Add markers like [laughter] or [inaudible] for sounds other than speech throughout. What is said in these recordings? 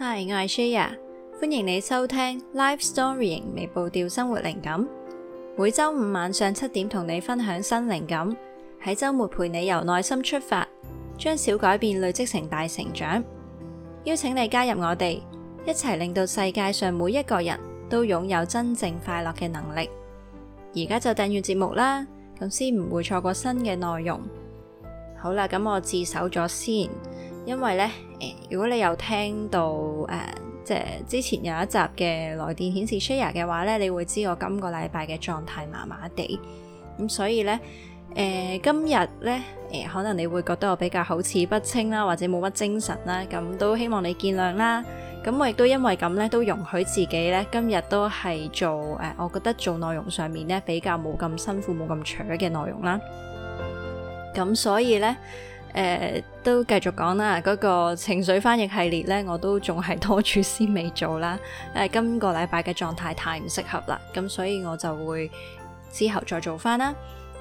Hi，我係 Shia，歡迎你收聽 Life Story，微步調生活靈感，每週五晚上七點同你分享新靈感，喺週末陪你由內心出發，將小改變累積成大成長。邀請你加入我哋，一齊令到世界上每一個人都擁有真正快樂嘅能力。而家就訂閱節目啦，咁先唔會錯過新嘅內容。好啦，咁我自首咗先。因為咧，誒、呃，如果你有聽到，誒、呃，即係之前有一集嘅來電顯示 share 嘅話咧，你會知我今個禮拜嘅狀態麻麻地。咁所以咧，誒、呃，今日咧，誒、呃，可能你會覺得我比較口齒不清啦，或者冇乜精神啦。咁都希望你見諒啦。咁我亦都因為咁咧，都容許自己咧，今日都係做，誒、呃，我覺得做內容上面咧比較冇咁辛苦，冇咁 chur 嘅內容啦。咁所以咧。誒、呃，都繼續講啦，嗰、那個情緒翻譯系列咧，我都仲係拖住先未做啦。誒、呃，今個禮拜嘅狀態太唔適合啦，咁所以我就會之後再做翻啦。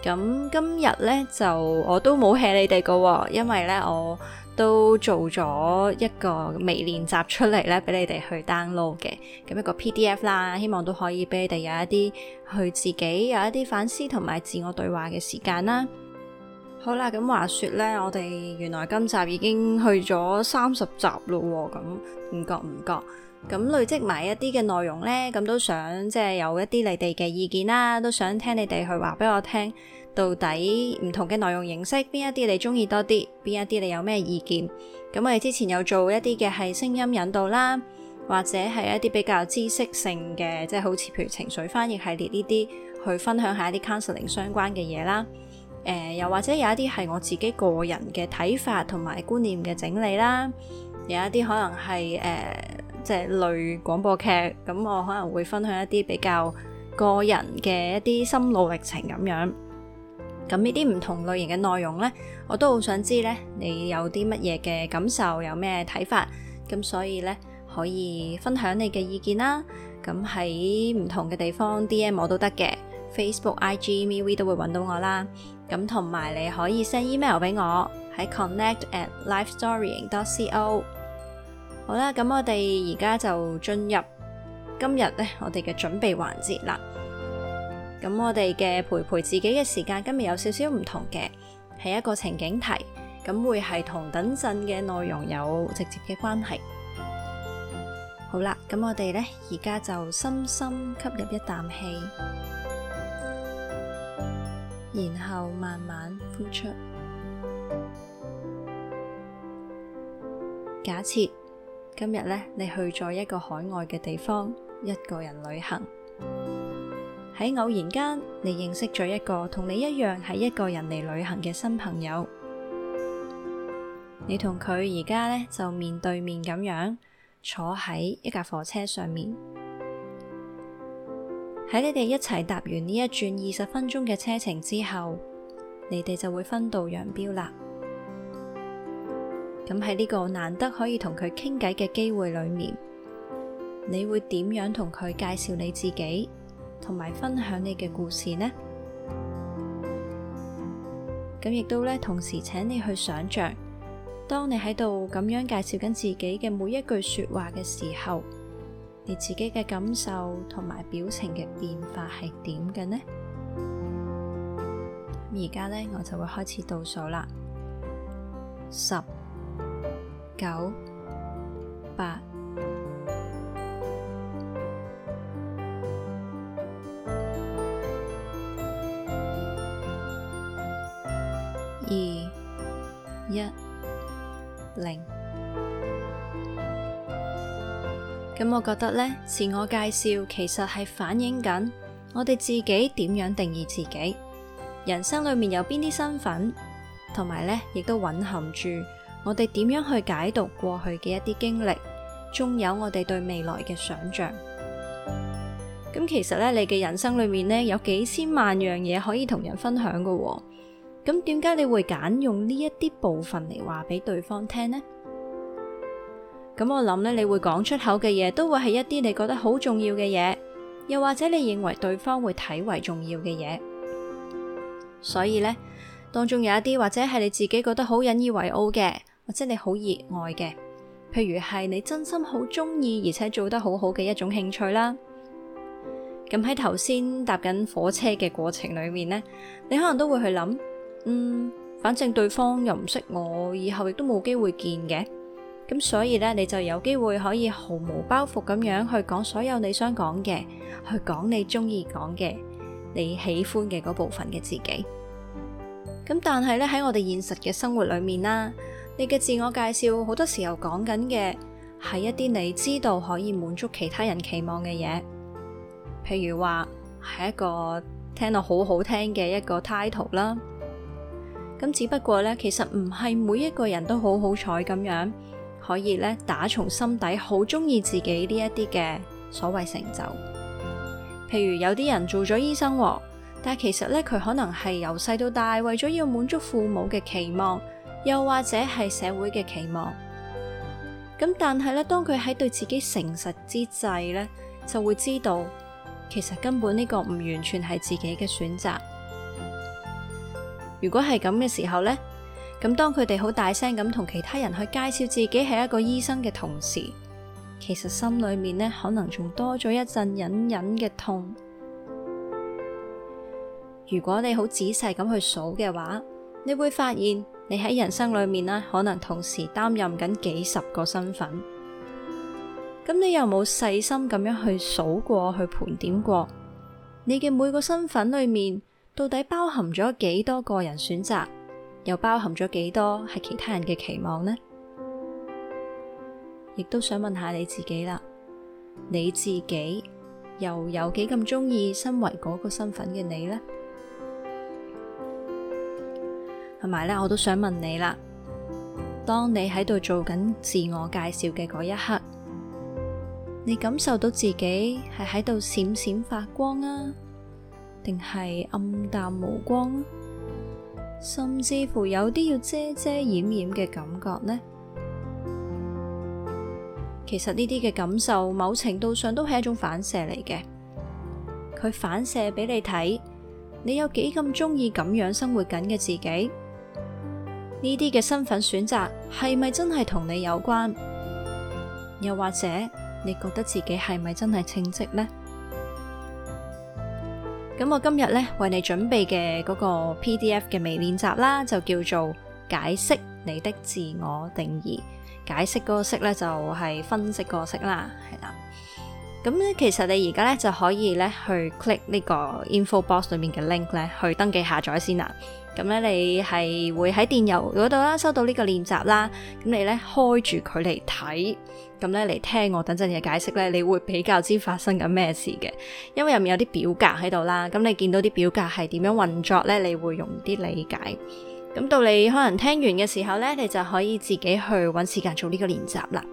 咁今日咧就我都冇吃你哋個，因為咧我都做咗一個微練習出嚟，咧，俾你哋去 download 嘅，咁一個 PDF 啦，希望都可以俾你哋有一啲去自己有一啲反思同埋自我對話嘅時間啦。好啦，咁話說咧，我哋原來今集已經去咗三十集咯，咁唔覺唔覺？咁累積埋一啲嘅內容咧，咁都想即係、就是、有一啲你哋嘅意見啦，都想聽你哋去話俾我聽，到底唔同嘅內容形式邊一啲你中意多啲，邊一啲你有咩意見？咁我哋之前有做一啲嘅係聲音引導啦，或者係一啲比較知識性嘅，即、就、係、是、好似譬如情緒翻譯系列呢啲，去分享下一啲 counseling 相關嘅嘢啦。誒、呃、又或者有一啲係我自己個人嘅睇法同埋觀念嘅整理啦，有一啲可能係誒即係類廣播劇咁，我可能會分享一啲比較個人嘅一啲心路歷程咁樣。咁呢啲唔同類型嘅內容呢，我都好想知咧，你有啲乜嘢嘅感受，有咩睇法咁，所以呢，可以分享你嘅意見啦。咁喺唔同嘅地方 DM 我都得嘅，Facebook、IG、MV 都會揾到我啦。咁同埋你可以 send email 俾我喺 connect@livestorying.co。好啦，咁我哋而家就進入今日咧，我哋嘅準備環節啦。咁我哋嘅陪陪自己嘅時間今日有少少唔同嘅，係一個情景題，咁會係同等陣嘅內容有直接嘅關係。好啦，咁我哋咧而家就深深吸入一啖氣。然後慢慢呼出。假設今日咧，你去咗一個海外嘅地方，一個人旅行。喺偶然間，你認識咗一個同你一樣係一個人嚟旅行嘅新朋友。你同佢而家咧就面對面咁樣坐喺一架火車上面。喺你哋一齊搭完呢一轉二十分鐘嘅車程之後，你哋就會分道揚鑣啦。咁喺呢個難得可以同佢傾偈嘅機會裏面，你會點樣同佢介紹你自己，同埋分享你嘅故事呢？咁亦都呢，同時請你去想象，當你喺度咁樣介紹緊自己嘅每一句說話嘅時候。你自己嘅感受同埋表情嘅變化係點嘅呢？咁而家咧，我就會開始倒數啦：十、九、八。咁我覺得咧，自我介紹其實係反映緊我哋自己點樣定義自己，人生裏面有邊啲身份，同埋咧亦都蘊含住我哋點樣去解讀過去嘅一啲經歷，仲有我哋對未來嘅想象。咁其實咧，你嘅人生裏面呢，有幾千萬樣嘢可以同人分享㗎喎。咁點解你會揀用呢一啲部分嚟話俾對方聽呢？咁我諗咧，你會講出口嘅嘢，都會係一啲你覺得好重要嘅嘢，又或者你認為對方會睇為重要嘅嘢。所以咧，當中有一啲或者係你自己覺得好引以為傲嘅，或者你好熱愛嘅，譬如係你真心好中意而且做得好好嘅一種興趣啦。咁喺頭先搭緊火車嘅過程裏面呢，你可能都會去諗，嗯，反正對方又唔識我，以後亦都冇機會見嘅。咁所以咧，你就有機會可以毫無包袱咁樣去講所有你想講嘅，去講你中意講嘅，你喜歡嘅嗰部分嘅自己。咁但係咧，喺我哋現實嘅生活裏面啦，你嘅自我介紹好多時候講緊嘅係一啲你知道可以滿足其他人期望嘅嘢，譬如話係一個聽落好好聽嘅一個 title 啦。咁只不過咧，其實唔係每一個人都好好彩咁樣。可以咧，打從心底好中意自己呢一啲嘅所謂成就，譬如有啲人做咗醫生，但係其實咧佢可能係由細到大為咗要滿足父母嘅期望，又或者係社會嘅期望。咁但係咧，當佢喺對自己誠實之際咧，就會知道其實根本呢個唔完全係自己嘅選擇。如果係咁嘅時候咧。咁當佢哋好大聲咁同其他人去介紹自己係一個醫生嘅同時，其實心裏面呢，可能仲多咗一陣隱隱嘅痛。如果你好仔細咁去數嘅話，你會發現你喺人生裏面呢，可能同時擔任緊幾十個身份。咁你又冇細心咁樣去數過，去盤點過，你嘅每個身份裏面到底包含咗幾多個人選擇？又包含咗幾多係其他人嘅期望呢？亦都想問下你自己啦，你自己又有幾咁鍾意身為嗰個身份嘅你呢？同埋咧，我都想問你啦，當你喺度做緊自我介紹嘅嗰一刻，你感受到自己係喺度閃閃發光啊，定係暗淡無光啊？甚至乎有啲要遮遮掩掩嘅感覺呢？其實呢啲嘅感受，某程度上都係一種反射嚟嘅，佢反射俾你睇，你有幾咁鍾意咁樣生活緊嘅自己？呢啲嘅身份選擇係咪真係同你有關？又或者你覺得自己係咪真係稱職呢？咁我今日咧為你準備嘅嗰個 PDF 嘅微練習啦，就叫做解釋你的自我定義。解釋嗰個釋咧就係分析個釋啦，係啦。咁咧其實你而家咧就可以咧去 click 呢個 info box 裏面嘅 link 咧去登記下載先啦。咁咧你係會喺電郵嗰度啦，收到呢個練習啦。咁你咧開住佢嚟睇。咁咧嚟聽我等陣嘅解釋咧，你會比較知發生緊咩事嘅？因為入面有啲表格喺度啦，咁你見到啲表格係點樣運作咧，你會容易啲理解。咁到你可能聽完嘅時候咧，你就可以自己去搵時間做呢個練習啦。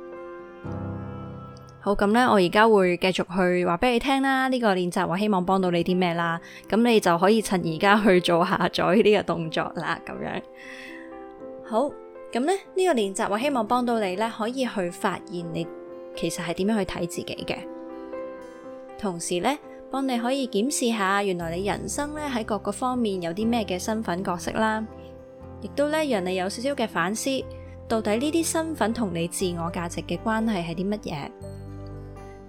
好，咁咧我而家會繼續去話俾你聽啦。呢、這個練習我希望幫到你啲咩啦？咁你就可以趁而家去做下載呢個動作啦。咁樣好。咁呢，呢個練習我希望幫到你咧，可以去發現你其實係點樣去睇自己嘅，同時咧幫你可以檢視下，原來你人生咧喺各個方面有啲咩嘅身份角色啦，亦都咧讓你有少少嘅反思，到底呢啲身份同你自我價值嘅關係係啲乜嘢，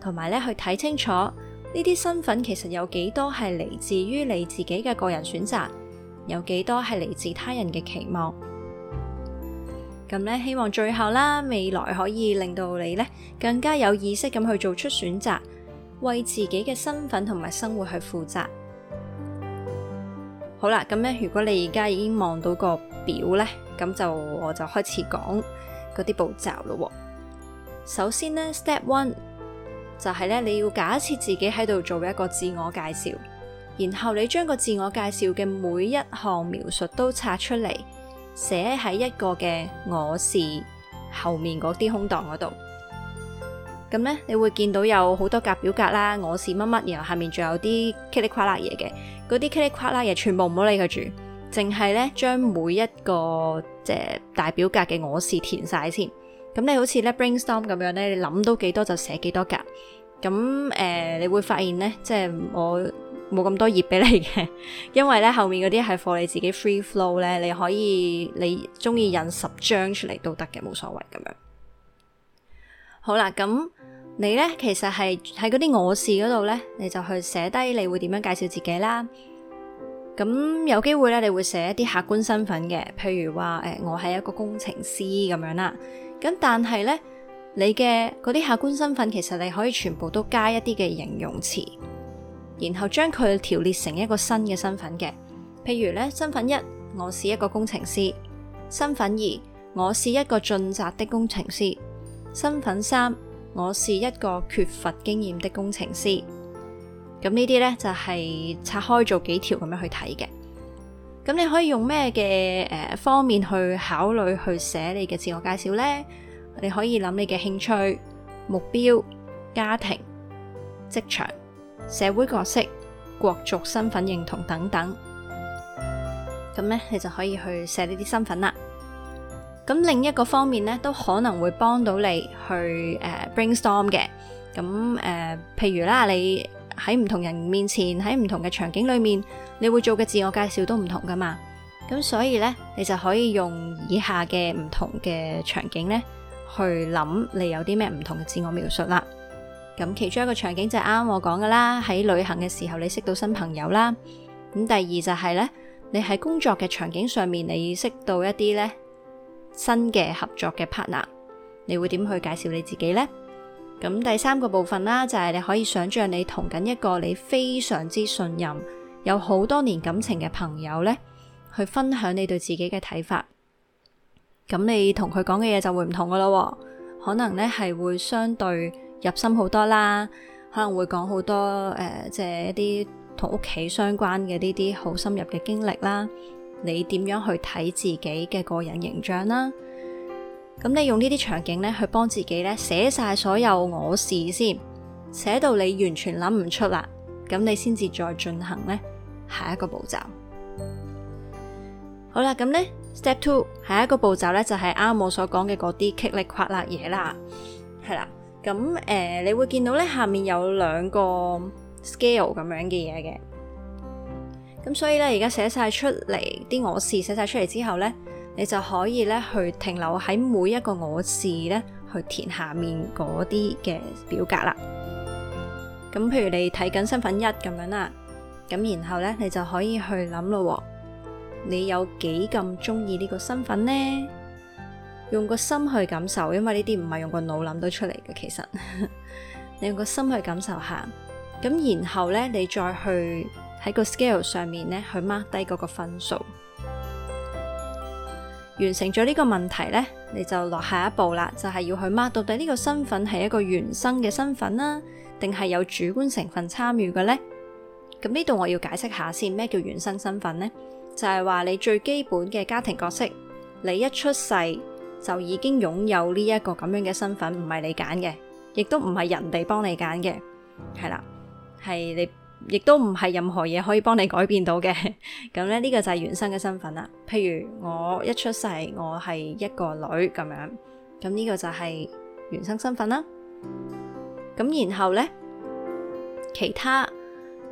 同埋咧去睇清楚呢啲身份其實有幾多係嚟自於你自己嘅個人選擇，有幾多係嚟自他人嘅期望。咁咧，希望最後啦，未來可以令到你咧更加有意識咁去做出選擇，為自己嘅身份同埋生活去負責。好啦，咁咧，如果你而家已經望到個表咧，咁就我就開始講嗰啲步驟咯。首先呢，Step One 就係咧，你要假設自己喺度做一個自我介紹，然後你將個自我介紹嘅每一項描述都拆出嚟。寫喺一個嘅我是後面嗰啲空檔嗰度，咁呢，你會見到有好多格表格啦，我是乜乜，然後下面仲有啲嘰里呱啦嘢嘅，嗰啲嘰里呱啦嘢全部唔好理佢住，淨係呢將每一個即係大表格嘅我是填晒先，咁你好似咧 brainstorm 咁樣呢，樣你諗到幾多就寫幾多格，咁誒、呃、你會發現呢，即係我。冇咁多頁俾你嘅，因為咧後面嗰啲係課你自己 free flow 咧，你可以你中意印十張出嚟都得嘅，冇所謂，咁樣好喇。好啦，咁你咧其實係喺嗰啲我事嗰度咧，你就去寫低你會點樣介紹自己啦。咁有機會咧，你會寫一啲客觀身份嘅，譬如話誒、呃，我係一個工程師咁樣啦。咁但係咧，你嘅嗰啲客觀身份其實你可以全部都加一啲嘅形容詞。然後將佢調列成一個新嘅身份嘅，譬如咧身份一，我是一個工程師；身份二，我是一個盡責的工程師；身份三，我是一個缺乏經驗的工程師。咁呢啲咧就係、是、拆開做幾條咁樣去睇嘅。咁你可以用咩嘅誒方面去考慮去寫你嘅自我介紹呢？你可以諗你嘅興趣、目標、家庭、職場。社會角色、國族身份認同等等，咁咧你就可以去寫呢啲身份啦。咁另一個方面咧，都可能會幫到你去誒 brainstorm 嘅。咁誒、呃，譬如啦，你喺唔同人面前，喺唔同嘅場景裏面，你會做嘅自我介紹都唔同噶嘛。咁所以咧，你就可以用以下嘅唔同嘅場景咧，去諗你有啲咩唔同嘅自我描述啦。咁其中一個場景就係啱我講㗎啦，喺旅行嘅時候你識到新朋友啦。咁第二就係咧，你喺工作嘅場景上面，你識到一啲咧新嘅合作嘅 partner，你會點去介紹你自己咧？咁第三個部分啦，就係、是、你可以想像你同緊一個你非常之信任、有好多年感情嘅朋友咧，去分享你對自己嘅睇法。咁你同佢講嘅嘢就會唔同喇咯，可能咧係會相對。入心好多啦，可能會講好多誒，即、呃、係、就是、一啲同屋企相關嘅呢啲好深入嘅經歷啦。你點樣去睇自己嘅個人形象啦？咁你用呢啲場景咧，去幫自己咧寫晒所有我事先寫到你完全諗唔出啦。咁你先至再進行咧下一個步驟。好啦，咁咧 Step Two 下一個步驟咧就係、是、啱我所講嘅嗰啲棘力垮勒嘢啦，係啦。咁誒、呃，你會見到咧，下面有兩個 scale 咁樣嘅嘢嘅。咁所以咧，而家寫晒出嚟，啲我事寫晒出嚟之後咧，你就可以咧去停留喺每一個我事咧，去填下面嗰啲嘅表格啦。咁譬如你睇緊身份一咁樣啦，咁然後咧，你就可以去諗咯。你有幾咁中意呢個身份呢？用個心去感受，因為呢啲唔係用個腦諗到出嚟嘅。其實 [laughs] 你用個心去感受下，咁然後咧，你再去喺個 scale 上面咧去 mark 低嗰個分數。完成咗呢個問題咧，你就落下,下一步啦，就係、是、要去 mark 到底呢個身份係一個原生嘅身份啦、啊，定係有主觀成分參與嘅咧。咁呢度我要解釋下先，咩叫原生身份咧？就係、是、話你最基本嘅家庭角色，你一出世。就已經擁有呢一個咁樣嘅身份，唔係你揀嘅，亦都唔係人哋幫你揀嘅，係啦，係你，亦都唔係任何嘢可以幫你改變到嘅。咁 [laughs] 咧，呢、這個就係原生嘅身份啦。譬如我一出世，我係一個女咁樣，咁呢、這個就係原生身份啦。咁然後咧，其他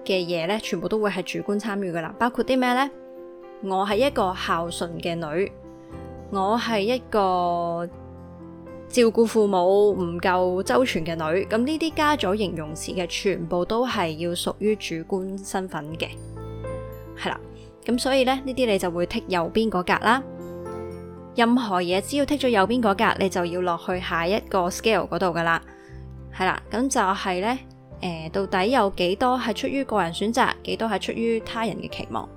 嘅嘢咧，全部都會係主觀參與噶啦，包括啲咩咧？我係一個孝順嘅女。我係一個照顧父母唔夠周全嘅女，咁呢啲加咗形容詞嘅全部都係要屬於主觀身份嘅，係啦，咁所以咧呢啲你就會剔右邊嗰格啦。任何嘢，只要剔咗右邊嗰格，你就要落去下一個 scale 嗰度噶啦，係啦，咁就係咧，誒、呃、到底有幾多係出於個人選擇，幾多係出於他人嘅期望，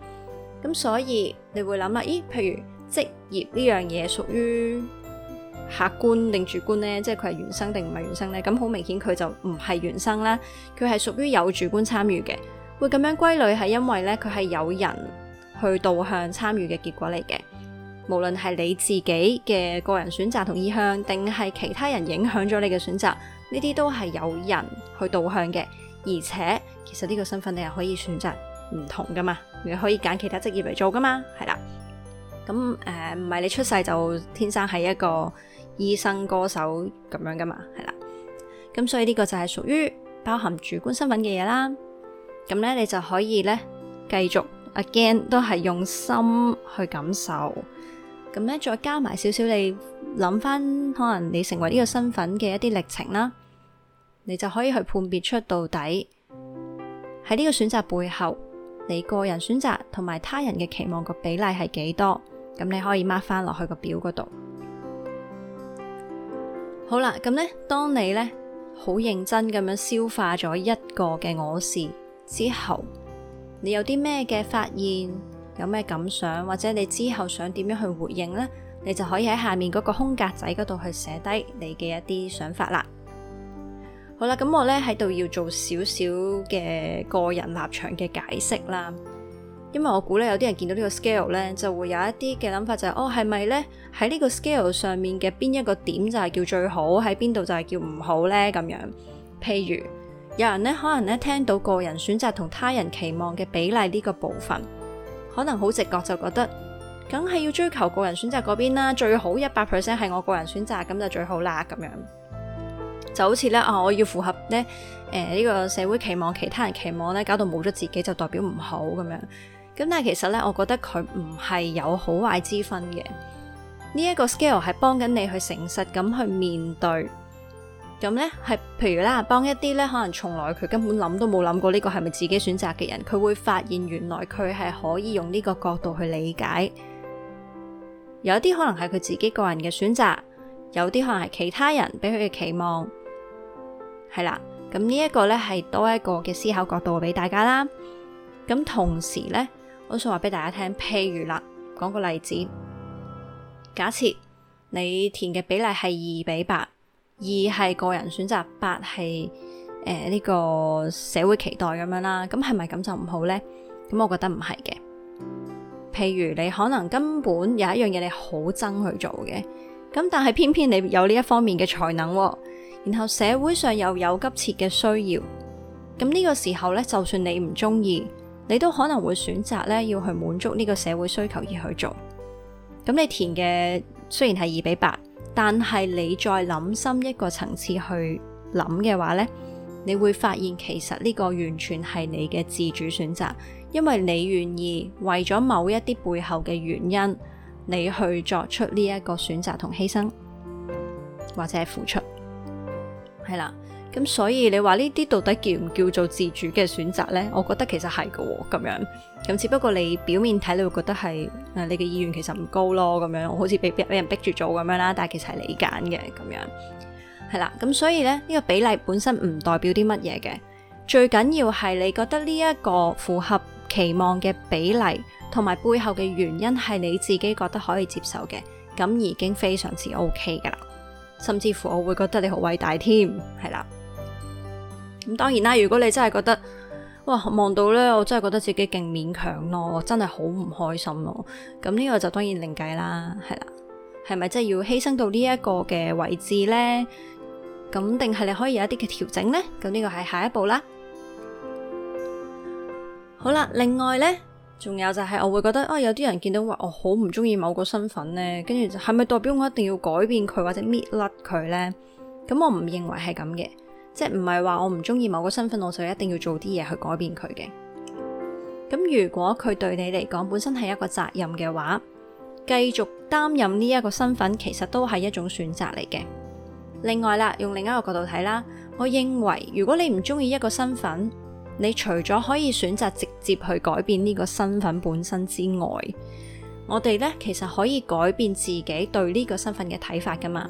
咁所以你會諗啦，咦，譬如。職業呢樣嘢屬於客觀定主觀呢？即係佢係原生定唔係原生呢？咁好明顯佢就唔係原生啦，佢係屬於有主觀參與嘅。會咁樣歸類係因為呢，佢係有人去導向參與嘅結果嚟嘅。無論係你自己嘅個人選擇同意向，定係其他人影響咗你嘅選擇，呢啲都係有人去導向嘅。而且其實呢個身份你係可以選擇唔同噶嘛，你可以揀其他職業嚟做噶嘛，係啦。咁誒，唔係、呃、你出世就天生係一個醫生歌手，咁樣噶嘛，係啦。咁所以呢個就係屬於包含主觀身份嘅嘢啦。咁咧，你就可以咧繼續 again 都係用心去感受。咁咧，再加埋少少你諗翻可能你成為呢個身份嘅一啲歷程啦，你就可以去判別出到底喺呢個選擇背後，你個人選擇同埋他人嘅期望個比例係幾多。咁你可以 mark 翻落去個表嗰度。好啦，咁呢，當你呢好認真咁樣消化咗一個嘅我事之後，你有啲咩嘅發現，有咩感想，或者你之後想點樣去回應呢，你就可以喺下面嗰個空格仔嗰度去寫低你嘅一啲想法啦。好啦，咁我呢喺度要做少少嘅個人立場嘅解釋啦。因為我估咧，有啲人見到呢個 scale 咧，就會有一啲嘅諗法，就是，就係哦，係咪咧喺呢個 scale 上面嘅邊一個點就係叫最好，喺邊度就係叫唔好咧？咁樣，譬如有人咧，可能咧聽到個人選擇同他人期望嘅比例呢個部分，可能好直覺就覺得，梗係要追求個人選擇嗰邊啦，最好一百 percent 係我個人選擇，咁就最好啦。咁樣就好似咧，啊，我要符合咧誒呢、呃呢個社會期望、其他人期望咧，搞到冇咗自己就代表唔好咁樣。咁但係其實咧，我覺得佢唔係有好壞之分嘅。呢一個 scale 係幫緊你去誠實咁去面對，咁咧係譬如啦，幫一啲咧可能從來佢根本諗都冇諗過呢個係咪自己選擇嘅人，佢會發現原來佢係可以用呢個角度去理解。有啲可能係佢自己個人嘅選擇，有啲可能係其他人俾佢嘅期望，係啦。咁呢一個咧係多一個嘅思考角度俾大家啦。咁同時咧。我想話俾大家聽，譬如啦，講個例子，假設你填嘅比例係二比八，二係個人選擇，八係誒呢個社會期待咁樣啦，咁係咪咁就唔好呢？咁我覺得唔係嘅。譬如你可能根本有一樣嘢你好憎去做嘅，咁但係偏偏你有呢一方面嘅才能，然後社會上又有，有急切嘅需要，咁呢個時候咧，就算你唔中意。你都可能會選擇咧，要去滿足呢個社會需求而去做。噉你填嘅雖然係二比八，但係你再諗深一個層次去諗嘅話咧，你會發現其實呢個完全係你嘅自主選擇，因為你願意為咗某一啲背後嘅原因，你去作出呢一個選擇同犧牲或者係付出，係喇。咁所以你話呢啲到底叫唔叫做自主嘅選擇呢？我覺得其實係嘅、哦，咁樣咁只不過你表面睇你會覺得係誒、呃、你嘅意願其實唔高咯，咁樣我好似俾俾人逼住做咁樣啦，但係其實係你揀嘅，咁樣係啦。咁所以咧呢、呢個比例本身唔代表啲乜嘢嘅，最緊要係你覺得呢一個符合期望嘅比例，同埋背後嘅原因係你自己覺得可以接受嘅，咁已經非常之 OK 噶啦，甚至乎我會覺得你好偉大添，係啦。咁當然啦，如果你真係覺得哇望到咧，我真係覺得自己勁勉強咯，我真係好唔開心咯。咁呢個就當然另計啦，係啦，係咪真係要犧牲到呢一個嘅位置呢？咁定係你可以有一啲嘅調整呢？咁呢個係下一步啦。好啦，另外呢，仲有就係我會覺得啊，有啲人見到話我好唔中意某個身份呢，跟住就係咪代表我一定要改變佢或者搣甩佢呢？咁我唔認為係咁嘅。即係唔係話我唔中意某個身份，我就一定要做啲嘢去改變佢嘅。咁如果佢對你嚟講本身係一個責任嘅話，繼續擔任呢一個身份其實都係一種選擇嚟嘅。另外啦，用另一個角度睇啦，我認為如果你唔中意一個身份，你除咗可以選擇直接去改變呢個身份本身之外，我哋咧其實可以改變自己對呢個身份嘅睇法噶嘛。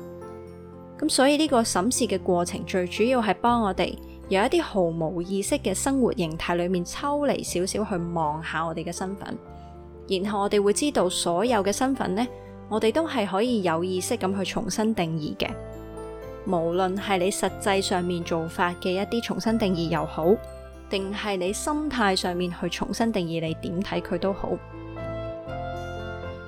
咁所以呢個審視嘅過程，最主要係幫我哋由一啲毫無意識嘅生活形態裏面抽離少少去望下我哋嘅身份，然後我哋會知道所有嘅身份呢，我哋都係可以有意識咁去重新定義嘅。無論係你實際上面做法嘅一啲重新定義又好，定係你心態上面去重新定義你點睇佢都好。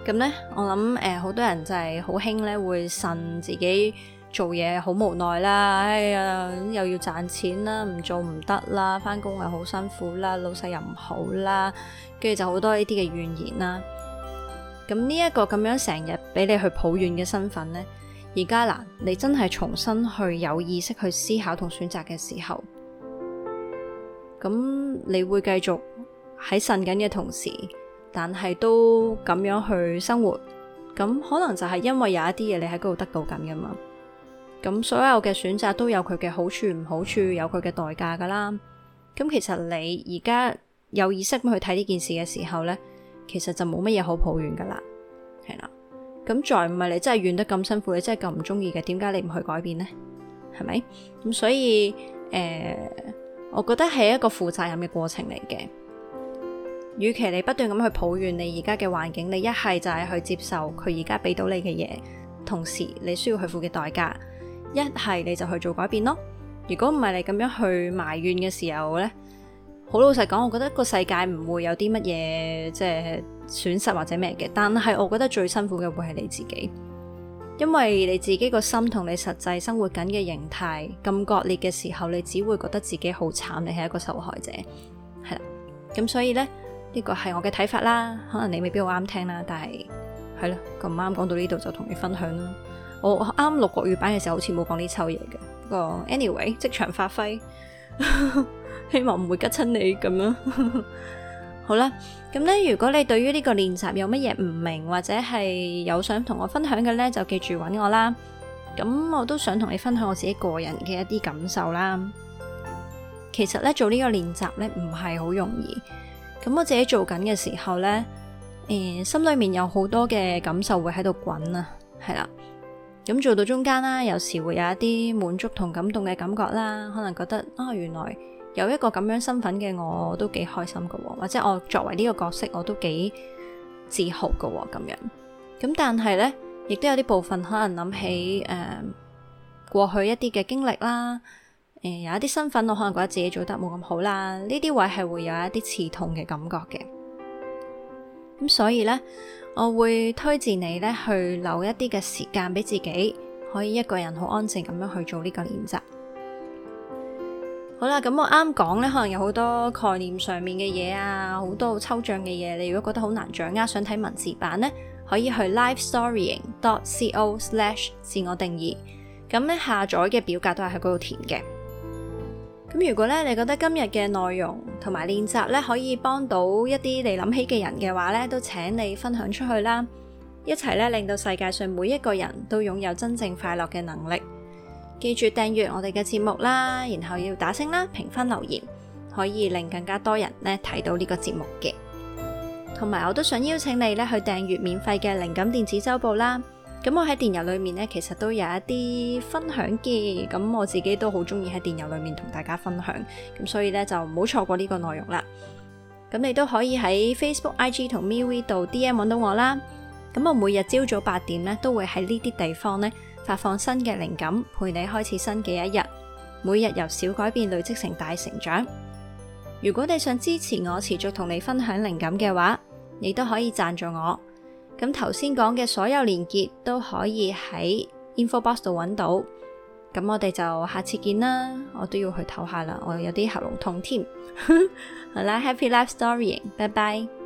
咁呢，我諗誒，好多人就係好興咧會信自己。做嘢好無奈啦，哎呀，又要賺錢啦，唔做唔得啦，翻工又好辛苦啦，老細又唔好啦，跟住就好多呢啲嘅怨言啦。咁呢一個咁樣成日俾你去抱怨嘅身份呢，而家嗱，你真係重新去有意識去思考同選擇嘅時候，咁你會繼續喺呻緊嘅同時，但係都咁樣去生活，咁可能就係因為有一啲嘢你喺嗰度得到緊噶嘛。咁所有嘅選擇都有佢嘅好處，唔好處有佢嘅代價噶啦。咁其實你而家有意識咁去睇呢件事嘅時候咧，其實就冇乜嘢好抱怨噶啦，係啦。咁再唔係你真係怨得咁辛苦，你真係咁唔中意嘅，點解你唔去改變呢？係咪？咁所以誒、呃，我覺得係一個負責任嘅過程嚟嘅。與其你不斷咁去抱怨你而家嘅環境，你一係就係去接受佢而家俾到你嘅嘢，同時你需要去付嘅代價。一係你就去做改變咯。如果唔係你咁樣去埋怨嘅時候呢，好老實講，我覺得個世界唔會有啲乜嘢即係損失或者咩嘅。但係我覺得最辛苦嘅會係你自己，因為你自己個心同你實際生活緊嘅形態咁割裂嘅時候，你只會覺得自己好慘，你係一個受害者。係啦，咁所以呢，呢個係我嘅睇法啦。可能你未必好啱聽啦，但係係啦，咁啱講到呢度就同你分享啦。哦、我啱錄國語版嘅時候，好似冇講呢抽嘢嘅。不過，anyway，即場發揮，希望唔會吉親你咁樣。呵呵好啦，咁咧，如果你對於呢個練習有乜嘢唔明，或者係有想同我分享嘅咧，就記住揾我啦。咁我都想同你分享我自己個人嘅一啲感受啦。其實咧做呢個練習咧唔係好容易。咁我自己做緊嘅時候咧，誒、呃、心裏面有好多嘅感受會喺度滾啊，係啦。咁做到中間啦，有時會有一啲滿足同感動嘅感覺啦，可能覺得啊、哦，原來有一個咁樣身份嘅我都幾開心㗎，或者我作為呢個角色我都幾自豪㗎咁樣。咁但係呢，亦都有啲部分可能諗起誒、呃、過去一啲嘅經歷啦，誒、呃、有一啲身份我可能覺得自己做得冇咁好啦，呢啲位係會有一啲刺痛嘅感覺嘅。咁所以呢。我會推薦你咧去留一啲嘅時間俾自己，可以一個人好安靜咁樣去做呢個練習。好啦，咁我啱啱講咧，可能有好多概念上面嘅嘢啊，好多好抽象嘅嘢，你如果覺得好難掌握，想睇文字版咧，可以去 livestorying.co/ 自我定義，咁咧下載嘅表格都係喺嗰度填嘅。咁如果咧，你覺得今日嘅內容同埋練習咧，可以幫到一啲你諗起嘅人嘅話咧，都請你分享出去啦，一齊咧令到世界上每一個人都擁有真正快樂嘅能力。記住訂閱我哋嘅節目啦，然後要打星啦，評分留言可以令更加多人咧睇到呢個節目嘅。同埋我都想邀請你咧去訂閱免費嘅靈感電子周報啦。咁我喺電郵裏面呢，其實都有一啲分享嘅，咁我自己都好中意喺電郵裏面同大家分享，咁所以呢，就唔好錯過呢個內容啦。咁你都可以喺 Facebook、IG 同 MeWe 度 DM 揾到我啦。咁我每日朝早八點呢，都會喺呢啲地方呢，發放新嘅靈感，陪你開始新嘅一日。每日由小改變累積成大成長。如果你想支持我持續同你分享靈感嘅話，你都可以贊助我。咁頭先講嘅所有連結都可以喺 InfoBox 度揾到，咁我哋就下次見啦。我都要去唞下喇，我有啲喉嚨痛添。 [laughs] 好啦，Happy Life Story，拜拜。